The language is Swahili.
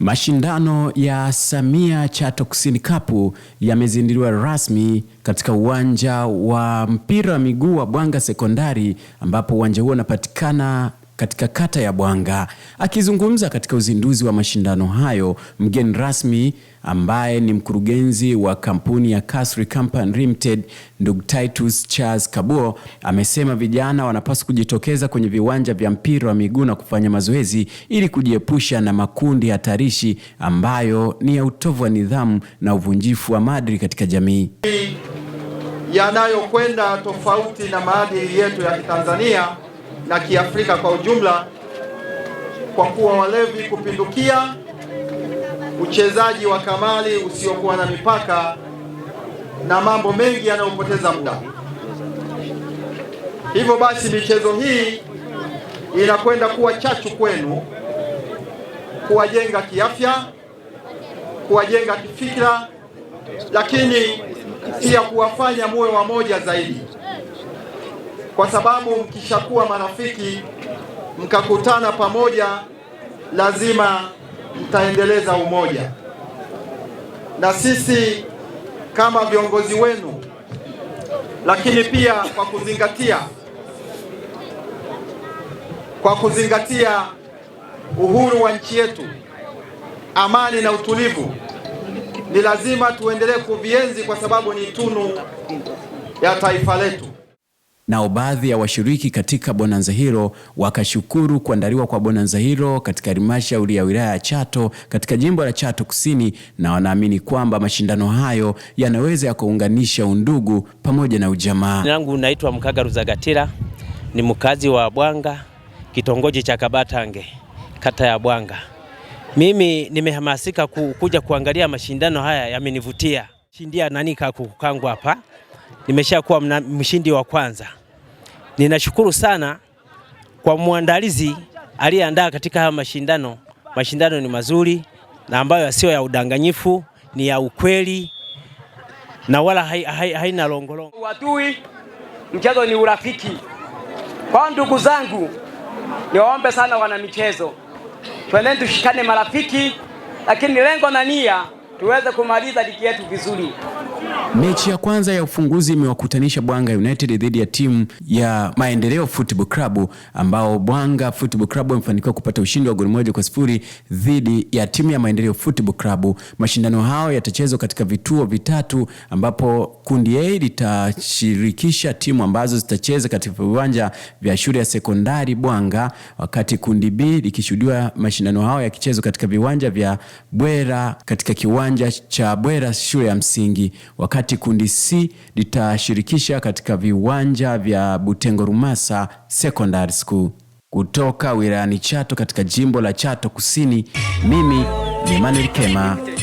Mashindano ya Samia Chato Kusini Cup yamezinduliwa rasmi katika uwanja wa mpira wa miguu wa Bwanga Sekondari ambapo uwanja huo unapatikana katika kata ya Bwanga. Akizungumza katika uzinduzi wa mashindano hayo, mgeni rasmi ambaye ni mkurugenzi wa kampuni ya Kasri Company Limited, ndugu Titus Charles Kabuo amesema vijana wanapaswa kujitokeza kwenye viwanja vya mpira wa miguu na kufanya mazoezi ili kujiepusha na makundi hatarishi ambayo ni ya utovu wa nidhamu na uvunjifu wa maadili katika jamii yanayokwenda tofauti na maadili yetu ya Kitanzania na Kiafrika kwa ujumla, kwa kuwa walevi kupindukia, uchezaji wa kamari usiokuwa na mipaka na mambo mengi yanayopoteza muda. Hivyo basi, michezo hii inakwenda kuwa chachu kwenu, kuwajenga kiafya, kuwajenga kifikra, lakini pia kuwafanya muwe wamoja zaidi kwa sababu mkishakuwa marafiki mkakutana pamoja, lazima mtaendeleza umoja. Na sisi kama viongozi wenu, lakini pia kwa kuzingatia kwa kuzingatia uhuru wa nchi yetu, amani na utulivu, ni lazima tuendelee kuvienzi kwa sababu ni tunu ya taifa letu. Nao baadhi ya washiriki katika bonanza hilo wakashukuru kuandaliwa kwa bonanza hilo katika halmashauri ya wilaya ya Chato katika jimbo la Chato Kusini, na wanaamini kwamba mashindano hayo yanaweza yakaunganisha undugu pamoja na ujamaa. Jina naitwa Mkaga Ruzagatira, ni mkazi wa Bwanga, kitongoji cha Kabatange, kata ya Bwanga. Mimi nimehamasika kuja kuangalia mashindano haya, yamenivutia shindia nani kakukangwa hapa nimeshakuwa mshindi wa kwanza. Ninashukuru sana kwa mwandalizi aliyeandaa katika haya mashindano. Mashindano ni mazuri na ambayo sio ya udanganyifu, ni ya ukweli na wala haina hai, hai longolongo wadui. Mchezo ni urafiki. Kwa ndugu zangu, niwaombe sana wana michezo twendeni tushikane marafiki, lakini lengo na nia tuweze kumaliza ligi yetu vizuri. Mechi ya kwanza ya ufunguzi imewakutanisha Bwanga United dhidi ya timu ya Maendeleo Football Club ambao Bwanga Football Club wamefanikiwa kupata ushindi wa goli moja kwa sifuri dhidi ya timu ya Maendeleo Football Club. Mashindano hayo yatachezwa katika vituo vitatu ambapo kundi A litashirikisha timu ambazo zitacheza katika viwanja vya shule ya sekondari Bwanga, wakati kundi B likishuhudiwa mashindano hayo yakichezwa katika viwanja vya Bwera katika kiwanja cha Bwera shule ya msingi wakati kundi C litashirikisha katika viwanja vya Butengo Rumasa Secondary School kutoka wilayani Chato katika jimbo la Chato Kusini. Mimi ni Manuel Kema.